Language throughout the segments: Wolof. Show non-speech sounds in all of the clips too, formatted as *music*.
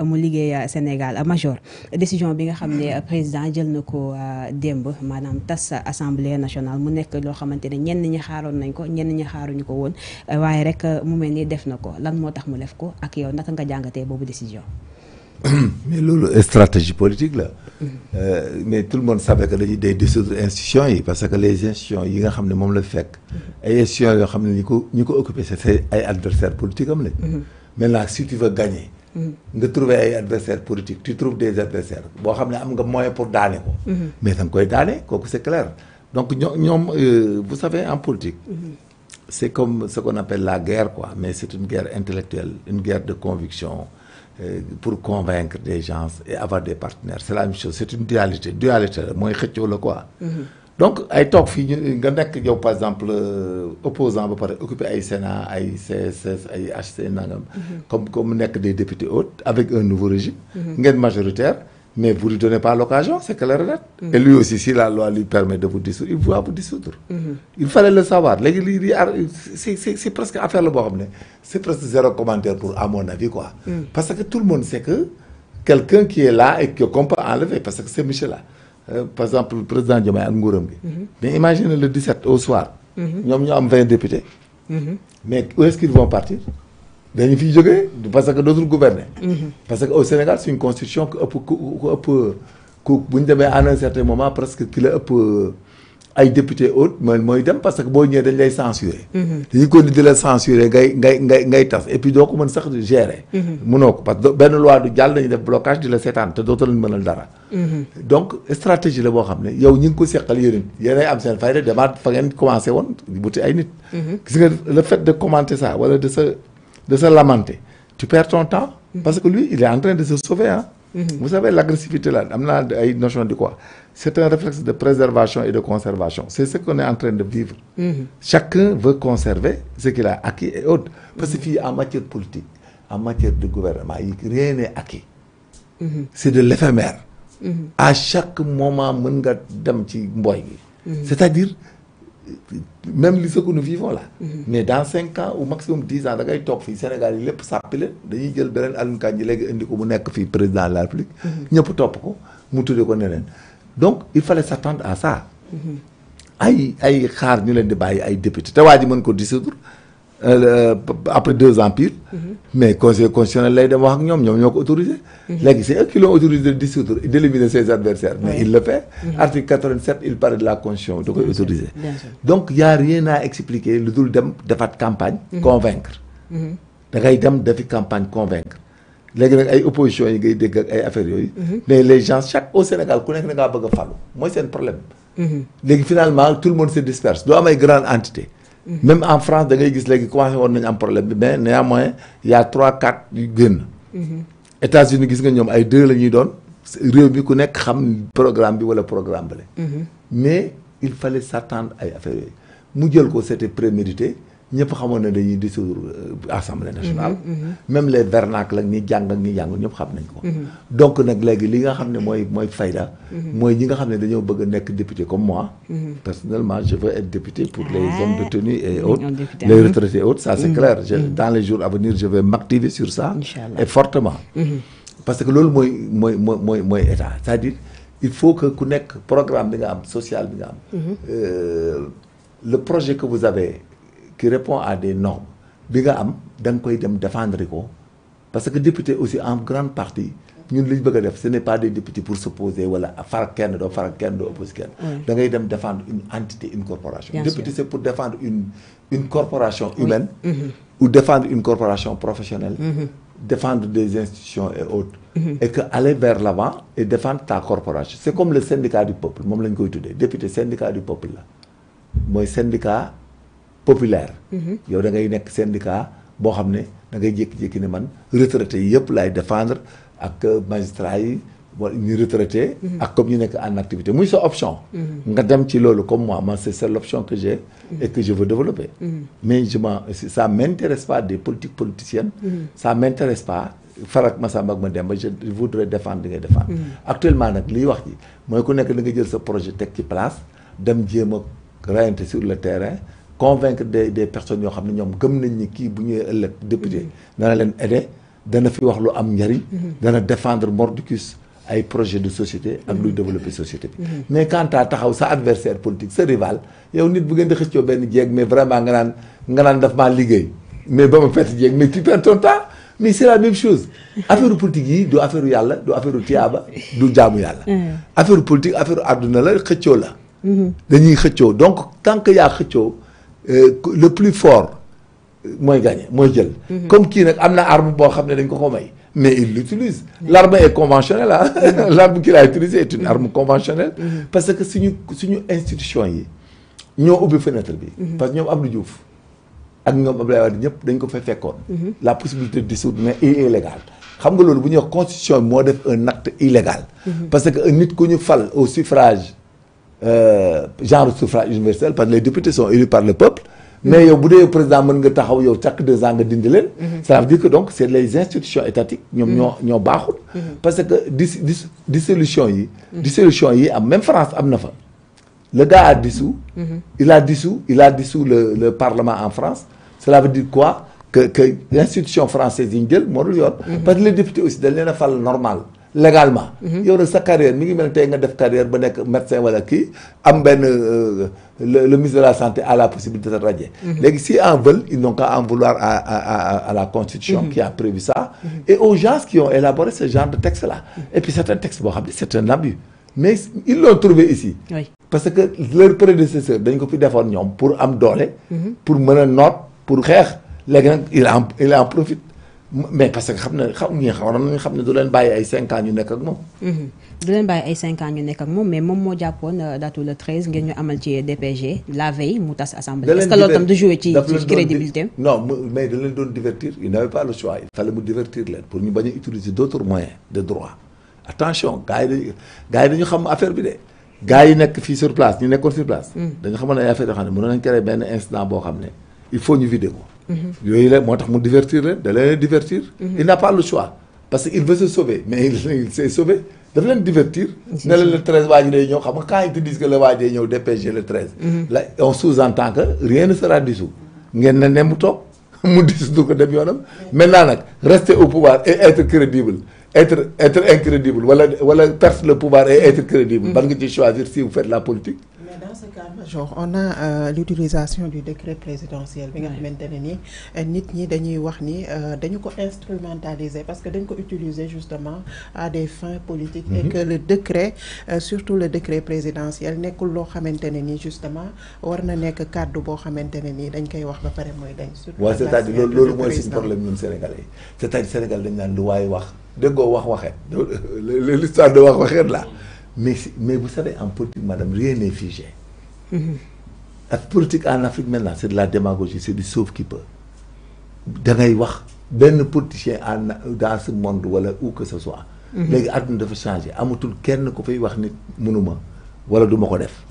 mu liggéey euh, Sénégal euh, major décision bi nga xam ne euh, président jël na ko démb maanaam tas assemblée nationale mu nekk loo xamante ne ñenn ñi xaaroon nañ ko ñenn ñi xaaruñu ko woon waaye rek mu mel ni def na ko lan moo tax mu def ko ak yow naka nga jàngatee boobu décision. *coughs* mais loolu stratégie politique la. Mm-hmm. Euh, mais tout le monde savait que dañuy day dissoudre institutions yi parce que les institutions yi nga xam ne moom la fekk. Mm-hmm. ay institutions yoo xam ne ñi ko ñi ko occupé c'est ay adversaires politiques am lañ. Mm-hmm. maintenant si tu veux gagner de mm-hmm. trouver ay adversaire politique tu trouves des adversaires boo xam ne am nga moyen pour daane ko. Mm-hmm. mais da nga koy c'est clair donc euh, vous savez en politique. Mm-hmm. c'est comme ce qu'on appelle la guerre quoi mais c'est une guerre intellectuelle une guerre de conviction euh, pour convaincre des gens et avoir des partenaires c'est la même chose c'est une dualité dualité la mooy xëccoo la quoi donc ay y a des nga qui yow par exemple euh, opposant ba pare occuper ay Sénat ay CSS ay HC mhm. comme comme des députés hautes, avec un nouveau régime. Mhm. ngène majoritaire. mais vous ne lui donnez pas l'occasion, c'est clair et net. Et lui aussi, si la loi lui permet de vous dissoudre, il va vous dissoudre. Mhm. Il fallait le savoir. C'est presque affaire le le xamné C'est presque zéro commentaire pour, à mon avis. quoi. Mm. Parce que tout le monde sait que quelqu'un qui est là et qu'on peut enlever, parce que c'est Michel là. Euh, par exemple le président Diomaye ak mhm. mais imaginez le 17 au soir. nous avons 20 députés. Mhm. mais où est-ce qu'ils vont partir. dañu jouer parce que d'autres gouverner. Mhm. parce qu'au Sénégal c'est une constitution qui est un certain moment presque ay député haut mooy mooy dem parce que boo ñëwee dañ lay censurer dañu mm-hmm. ko di la censurer ngay ngay ngay ngay tas et puis doo ko mën sax gérer mm-hmm. mënoo ko parce que benn loi du jàll dañu def blocage di la seetaan te dootoo leen mënal dara mm-hmm. donc stratégie la boo xam ne yow ñi ngi ko seqal yéen yéenay am seen fayda demaat fa ngeen commencé woon buti ay nit gis nga le fait de commenter ça wala de se de se lamenter tu perds ton temps parce que lui il est en train de se sauver ah Mhm. vous savez l'agressivité là notion quoi c'est un réflexe de préservation et de conservation c'est ce qu'on est en train de vivre mhm. chacun veut conserver ce qu'il a acquis et autres parce mhm. en matière politique en matière de gouvernement rien n'est acquis c'est de l'éphémère à chaque moment c'est-à-dire même ce que nous vivons là. Mhm. mais dans cinq ans ou maximum dix ans da ngay top Sénégal il lépp sàppi dañuy jël beneen Alioune Kandji léegi ko mu président de la République. Mhm. ñëpp topp ko mu donc il fallait s'attendre à ça. Mhm. Euh, euh, après deux empires, pile. Mhm. mais conseil constitutionnel lay dem ils autorisé. Mhm. c'est eux qui l'ont autorisé de dissoudre et d'éliminer ses adversaires mais il le fait. Mhm. article 87 il parle de la constitution donc il autorisé. donc y a rien à expliquer Le dul de faire campagne. convaincre. Le ngay de faire campagne convaincre. les ay opposition affaires mais les gens chaque au Sénégal connaissent na c'est bëgg moi c'est problème. finalement tout le monde se disperse y a une grande entité. Mhm. même en France da ngay gis léegi commencé woon nañu am problème bi mais néanmoins il y' a trois quatre yu génn. Mhm. États-Unis gis nga ñom ay deux lañuy ñuy doon réew mi ku nekk xam programme bi wala programme bi mhm. mais il fallait s'attendre ay affaire mu jël ko c'était prémédité ñëpp xamoon de dañuy dissoudre euh, assemblée mhm, nationale. Mhm. même les vernacles ak ñi jàng ak ñi xam nañ ko. Mhm. donc nag léegi li nga xam ne mooy mooy fayda. mooy nga bëgg nekk député comme moi. personnellement je veux être député pour les ah, hommes de tenue et autres. les hein. retraités et autres ça c'est clair. dans les jours à venir je vais m'activer sur ça. et fortement. parce que c'est mooy mooy mooy mooy mooy état c'est-à-dire il faut que ku nekk programme bi nga am social bi nga am. Euh, le projet que vous avez qui répond à des normes bi nga am dem défendre ko parce que député aussi en grande partie ñun ne pas ce n'est pas des députés pour s'opposer à faire kenn doo faral kenn doo défendre une entité une corporation député c'est pour défendre une une corporation humaine mm-hmm. ou défendre une corporation professionnelle mm-hmm. défendre des institutions et autres mm-hmm. et que aller vers l'avant et défendre ta corporation c'est comme le syndicat du peuple député syndicat du peuple là. Moi, syndicat populaire. Mhm. yow da ngay nekk syndicat boo xam ne da ngay jékki-jékki ne man retraité yi yëpp laay défendre ak magistrat yi wala ñu retraité. Mhm. ak comme ñu nekk en activité muy sa option. Mhm. nga dem ci loolu comme moi man c'est l' option que j'ai et que je veux développer. mais je m' ça m'intéresse pas des politiques politiciennes. ça m'intéresse pas. farak Massamba ak ma Demba je voudrais défendre li ngay défendre. actuellement nag liy wax ji mooy ku nekk da nga jël sa projet teg ci place dem jéem a sur le terrain convaincre des des personnes qui xam ne ñoom gëm nañ ni kii bu ñëwee ëllëg député mm-hmm. dana leen aider dana fi wax lu am njariñ mm-hmm. dana défendre mordicus ay projet de société à nous mm-hmm. développer société mais quand tu taxaw sa adversaire politique ce rival yow nit bu ngeen de xëccoo benn jeeg mais vraiment nga naan nga naan daf mais ba ma fett jeeg mais tu perds ton temps mais c'est la même chose affaire politique yi du affaire yàlla du affaire tiyaaba du jaamu yàlla affaire politique affaire àdduna la c'est la dañuy xëccoo donc tant que yaa affaire, euh, le plus fort moins gagné moins gagne comme qui na arme l'arme pour ne dañ ko mais il l'utilise l'arme est conventionnelle hein. mhm. *laughs* l'arme qu'il a utilisée est une mhm. arme conventionnelle mhm. parce que si nous institution yi ñoo ubbi fenêtre bi parce que nous Abdou Diouf ak la possibilité de dissoudre mais est illégale xam nga loolu bu constitution est un acte illégal parce que nit avons ñu au suffrage euh, genre suffrage universel parce que les députés sont élus par le peuple. mais au bout le président mën nga taxaw yow chaque deux ans nga mhm. ça veut dire que donc c'est les institutions étatiques. qui mhm. ont mhm. parce que dis dissolution dissolution yi en ah, même France am le gars a dissous. il a dissous il a dissous le parlement en France. cela veut dire quoi que l'institution française est parce que les députés aussi c'est normal légalement. il y aura sa carrière mi ngi mel tay nga carrière ba médecin wala qui, am euh, le ministre de la santé a la possibilité de radier. Mais mhm. si en veulent ils n'ont qu'à en vouloir à la constitution. Mhm. qui a prévu ça. Mhm. et aux gens qui ont élaboré ce genre de texte là. et puis c'est un texte c'est un abus. mais ils l'ont trouvé ici. parce que leur prédécesseur ko fi pour am pour mener note pour faire il il en profite mais parce que xamna na xam ñi waroon nañu xam ne du leen bàyyi ay 5 ans ñu nek ak hmm du len baye ay 5 ans ñu nek ak mom mais mom mo jàppoon euh, datu le 13 ngeen ñu amal ci DPG la veille Moutas assemblée. est-ce que loolu tam de jouer ci crédibilité non mais da leen doon divertir il n'avait pas le choix. il fallait mu divertir len pour ñu baña utiliser d'autres moyens de droit attention gars yi dañu gars dañu xam affaire bi de. gars yi nek fi sur place ñu nekkoon sur place. Mhm. dañu xamoon ne ay affaire yoo xam ne créer ben incident bo xam il faut ñu vidéo il mhm. est mu divertir leen da divertir. Mhm. il n'a pas le choix parce qu'il veut se sauver mais il, se s'est sauvé daf divertir. le treize waa ji xam quand ils te disent que le waa ji day le 13, mhm. on sous-entend que rien ne sera dissous ngeen ne ne mu toog *laughs* mu dissoudre ko dem yoonam maintenant rester au pouvoir et être crédible. être être incrédible wala voilà, perdre le pouvoir et être crédible. ban nga ci choisir si vous faites la politique on a euh, l'utilisation du décret présidentiel bi nga parce que dañ ko utiliser justement à des fins politiques et mhm. que le décret euh, surtout le décret présidentiel n'est lo xamantene ni justement war na ni dañ koy wax ba c'est-à-dire problème ñun sénégalais cest Sénégal *laughs* de mais vous savez en politique madame rien n'est figé la politique en Afrique maintenant c'est de la démagogie c'est du sauve qui peut da ngay wax benn politicien en dans ce monde wala où que ce soit. Mhm. léegi les dafa changer. Il n'y a fay wax peut mënuma wala du ma ko def.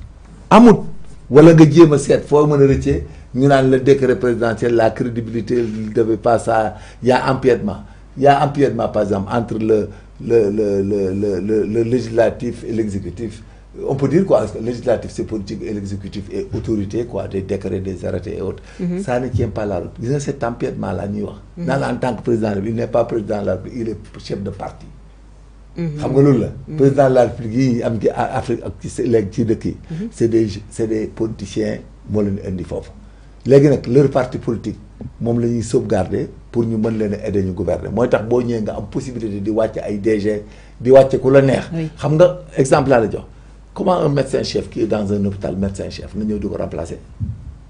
amut wala Il n'y a seet foo que a rëccee ñu naan le décret présidentiel la crédibilité ne devait pas ça Il y a empiètement y a empiètement par exemple entre le le le le le législatif et l'exécutif on peut dire quoi, le législatif c'est politique et l'exécutif est autorité, quoi, des décrets, des arrêtés et autres. Mhm. Ça ne tient pas la route. un c'est cet empiètement là, mhm. en tant que président, il n'est pas président de la il est chef de parti. Mhm. xam nga Le président de la République yi am Afrique ci c'est des c'est des politiciens qui sont indi foofu léegi leur parti politique mom la sauvegarder pour ñu mën aider ñu gouverner moi tax boo ñëwee nga am possibilité de faire des DG de faire des la neex xam nga exemple là, la jox comment un médecin-chef qui est dans un hôpital médecin-chef ne doit pas remplacer.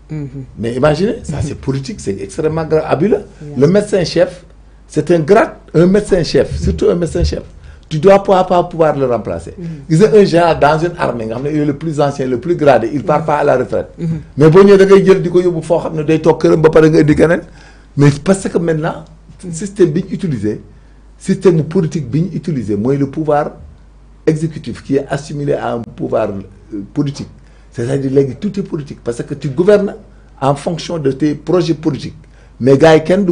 Mhm. mais imaginez ça c'est mhm. politique c'est extrêmement grave le médecin-chef c'est un grade un médecin-chef mhm. surtout un médecin-chef tu dois pas, pouvoir le remplacer. ont un genre dans une armée est le plus ancien le plus gradé il part pas à la retraite. mais boo da ngay jël di ko vous foo day toog ba mais parce que maintenant système bi utilisé, utilisé système politique bien utilisé le pouvoir exécutif qui est assimilé à un pouvoir euh, politique, c'est-à-dire que tout est politique parce que tu gouvernes en fonction de tes projets politiques mais gars yi kenn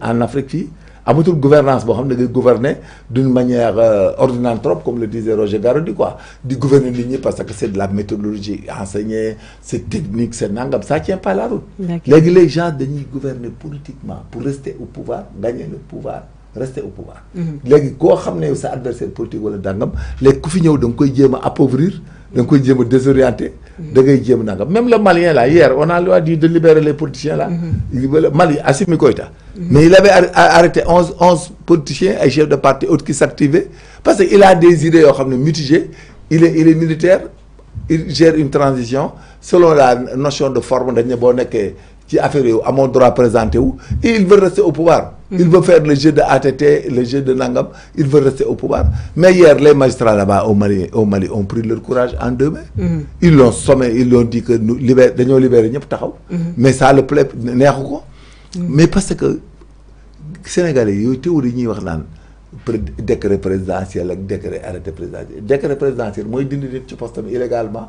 en Afrique à amatul gouvernance bon, gouvernance, ne d'une manière euh, ordinanthrope comme le disait Roger Garoudi. quoi Du gouverner ligné parce que c'est de la méthodologie enseignée c'est technique c'est nangam ça tient pas la route les gens ni gouverner politiquement pour rester au pouvoir gagner le pouvoir rester au pouvoir. Mhm. Les koo xam sa adversaire politique wala dangam les les fi ñëw da koy a appauvrir. da koy jéem désorienter. Mhm. da ngay même le Malien là hier on a loi dit de libérer les politiciens là. Mhm. Mali Assimi Goïta. mais il avait arrêté 11 politiciens et chefs de parti autres qui s'activaient parce qu'il a des idées mutigées. il est il est militaire il gère une transition selon la notion de forme de ne a affaire yow mon droit présenté où et il veut rester au pouvoir mm-hmm. il veut faire le jeu de ATT le jeu de nangam il veut rester au pouvoir mais hier les magistrats là-bas au Mali au Mali ont pris leur courage en deux mains mm-hmm. ils l'ont sommé ils l'ont dit que nous devons libérer mm-hmm. mais ça le plaît neexu ko mais parce que sénégalais ont théorie ñuy wax naan décret présidentiel ak décret arrêté présidentiel décret présidentiel mooy dindi nit ci illégalement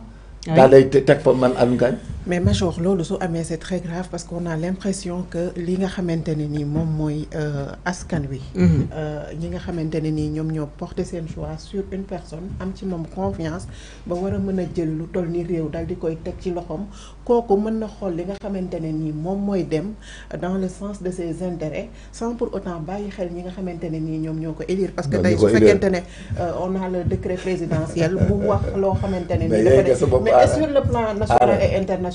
daa lay teg fa mais Major lolu su amé c'est très grave parce qu'on a l'impression que li nga xamante ne nii moom mooy euh, askan wi. Mhm. Euh, ñi nga xamante ne ñoo porter seen choix sur une personne am ci mom confiance ba wara mëna jël lu toll ni réew dal di koy tek ci loxom koku mëna xol li nga xamante ne nii dem dans le sens de ses intérêts sans pour autant bàyyi xel ñi nga xamante ne nii élire. parce que tey su fekkente euh, on a le décret présidentiel *laughs* bu wax lo xamante dafa mais sur le plan national et international.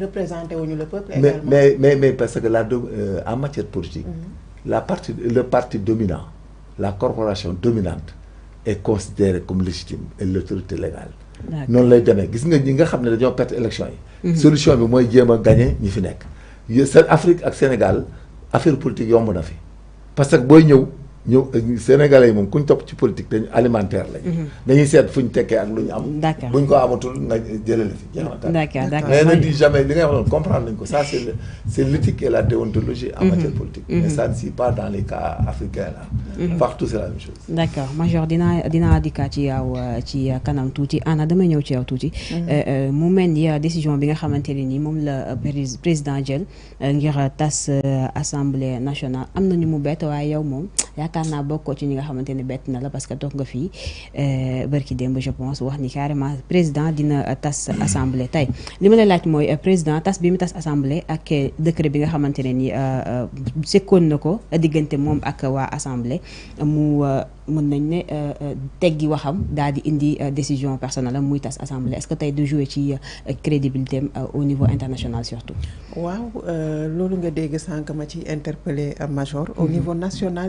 représenter le peuple mais mais mais parce que la euh, en matière politique. Mm-hmm. la partie le parti dominant la corporation dominante est considérée comme légitime et l'autorité légale. Non, lay demee gis nga ñi nga xam ne mm-hmm. solution bi de gagner a gagné fi Afrique ak Sénégal affaire politique yomb na fi parce que booy ñëw euh, sénégalais yi moom ku ñu topp ci politique dañu alimentaire lañu. Mhm. dañuy seet fu ñu tekkee ak lu ñu am. d'accord buñ ko amatul nga jëlee la fi. d'accord d'accord mais ne di jamais li nga wax noonu comprendre ko ça la déontologie. en mhm. matière politique. mais mhm. ça ne pas dans les cas africains là. partout c'est la chose. d'accord major dinaa dinaa dikkaat ci yow euh, ci euh, kanam tuuti ana damay ñëw ci yow tuuti. mu mel ni décision bi nga xamante ne ni moom la président jël ngir tas assemblée nationale am na ñu mu bett waaye yow moom. yaakaar naa bokkoo ci ñi nga xamante ne bett na la parce que toog nga fii euh, bërki démb je pense wax ni carrément président dina euh, tas assemblée tey li ma la laaj mooy euh, président tas bi mu tas assemblée ak décret bi nga xamante ne ni sekkoon na ko diggante moom ak waa assemblée mu mën nañ ne teggi waxam daal di indi décision personnelle muy tas assemblée est-ce que tey du jouer ci crédibilité am au niveau international surtout. waaw loolu nga dégg sànq ma ci interpellé major. au mm-hmm. niveau national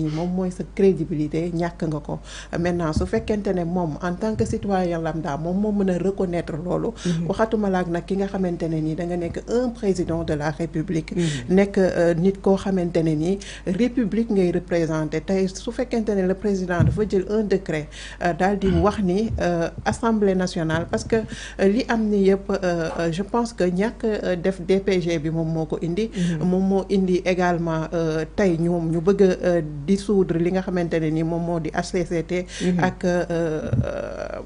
nii moom sa crédibilité ñak nga ko maintenant su fekkente ne mom en tant que citoyen lambda mom mo meuna reconnaître loolu mhm. waxatuma laak nak ki nga xamantene ni da nga nek un président de la république mhm. n'est euh, nit ko xamantene ni république ngay représenter tay su fekkente ne le président dafa jël un décret euh, dal di wax ni euh, assemblée nationale parce que li am ni je pense que ñak def DPG bi mom moko indi mom mhm. mo indi également tay ñoom ñu bëgg dissoudre li nga xamante ne ni moom moo di HCCT mhm. ak euh,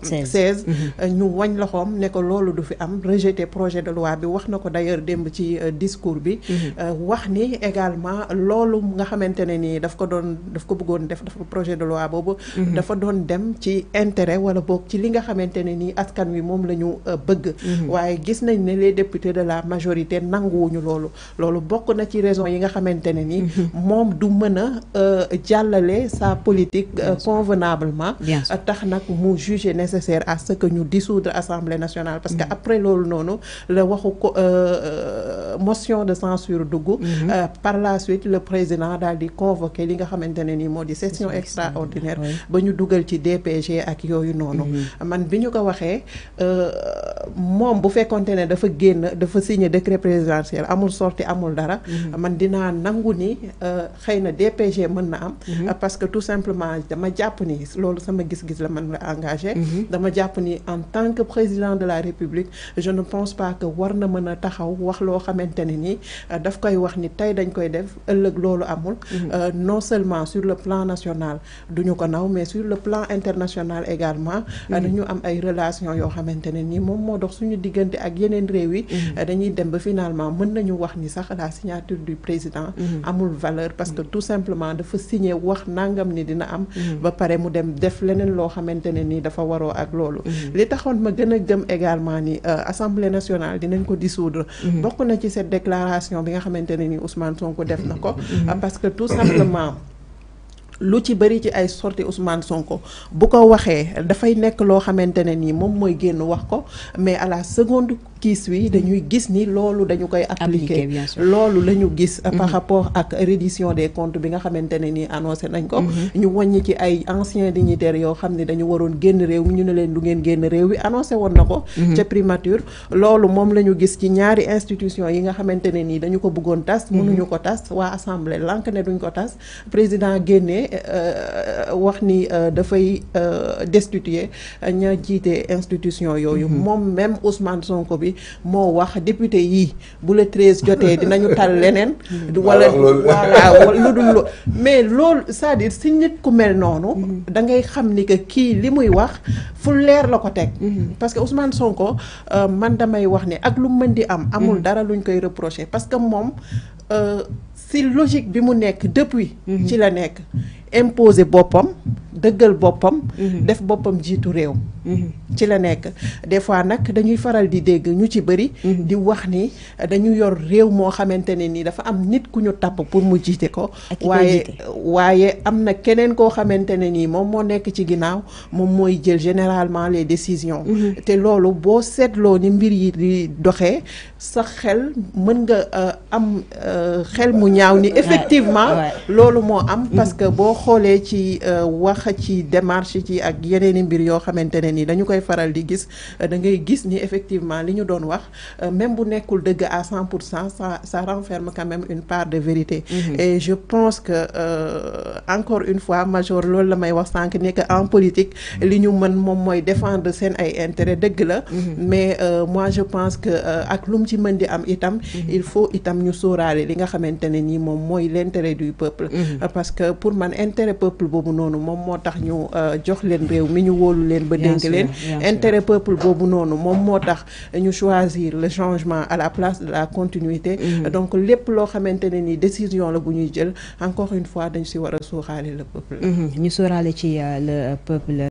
euh, seize mhm. euh, ñu wañ loxoom ne loolu du fi am rejeté projet de loi bi wax na ko d'ailleurs démb ci discours bi mhm. wax ni également loolu nga xamante ne ni daf ko doon daf ko bëggoon def dafa projet de loi boobu dafa doon dem ci intérêt wala boog ci li nga xamante ne ni askan wi moom lañu bëgg waaye gis nañ ne les députés de la majorité nanguwuñu loolu loolu bokk na ci raison yi nga xamante ne ni moom du mën jàllale sa politique euh, convenablement euh, tax nak nous juger nécessaire à ce que nous dissoudre assemblée nationale parce que mm. après nous, motion de censure dugg. Mhm. Euh, par la suite le président a convoqué li nga xamante session extraordinaire ba ñu dugal ci DPG ak yooyu noonu. Mhm. man bi ñu ko waxee euh, moom bu fekkonte ne dafa génn dafa signer décret présidentiel amul sorti amul dara. Mhm. man dina n'anguni, ni euh, xëy na DPG mën am. parce que tout simplement dama ma ni lolu sama gis-gis la man engagé. dama japp ni en tant que président de la république je ne pense pas que warna meuna taxaw wax lo xamante xamante euh, ni daf ni mhm. euh, non seulement sur le plan national duñu mais sur le plan international également Nous mhm. euh, am ay relations yoo ni moom dox suñu ak yeneen finalement nañu ni la signature du président mhm. amul valeur parce que tout simplement de signé wax nangam ni dina am ba mu dem def leneen également ni assemblée nationale dissoudre na cette déclaration bi nga xamante Ousmane Sonko def Nako, mm-hmm. parce que tout simplement lu ci bari ci sorti Ousmane Sonko bu ko waxee dafay nekk loo moom mais à la seconde qui suit dañuy gis ni loolu dañu koy appliquer gis mhm. par rapport ak reddition des comptes bi nga annoncé ko mhm. ñu ci ay anciens dañu ñu annoncé primature loolu moom gis ci ñaari institution yi nga ni dañu ko tas mhm. ko tas assemblée président euh, wax ni euh, dafay euh, destituer ña jité institution institutions mhm. mom même Ousmane Sonko bi mo wax député yi bu le 13 jotee dinañu tal *laughs* mhm. wala mais lool ça dit dire si nit ku mel noonu mhm. da ngay xam ni que ki limuy wax fu leer la ko parce que Ousmane Sonko man damay wax ni ak lu mën di am amul dara luñ koy reprocher parce que moom si logique bi mu depuis. ci la nekk imposer dëggal boppam. Mhm. def boppam jiitu réew. Mhm. ci la nekk des fois nag dañuy faral di dégg ñu ci bëri. Mhm. di wax ni dañu yor réew moo xamante ne ni dafa am nit ku ñu tapp pour mu jiite ko. waaye waaye am na keneen koo xamante ne nii moom moo nekk ci ginnaaw moom mooy jël généralement les décisions. te loolu boo seetloo ni mbir yi doxee sax xel mën nga euh, am euh, xel mu ñaaw ni effectivement loolu moo am parce que boo xoolee ci euh, wax. ci démarche ci ak yeneen mbir yoo xamante ne ni dañu koy faral di gis euh, da ngay gis ni effectivement li ñu doon wax euh, même bu nekkul dëgg à 100% pour cent ça ça renferme quand même une part de vérité mhm. et je pense que euh, encore une fois major loolu la may wax sànq ne que en politique mhm. li ñu mën moom défendre seen ay intérêt dëgg la mhm. mais moi je pense que ak lu mu ci mën di am itam il faut itam ñu sóoraale li nga xamante ne ni moom mooy l'intérêt du peuple parce que pour man intérêt peuple boobu noonu moom moo tax ñu euh, jox leen réew mi ñu wóolu leen ba dénk leen intérêt peuple boobu noonu moom moo tax ñu choisir le changement à la place de la continuité mhm. donc lépp loo xamante ne ni décision la bu ñuy jël encore une fois dañ si war a sóoraale le peuple mhm. ñu sóoraale ci euh, le peuple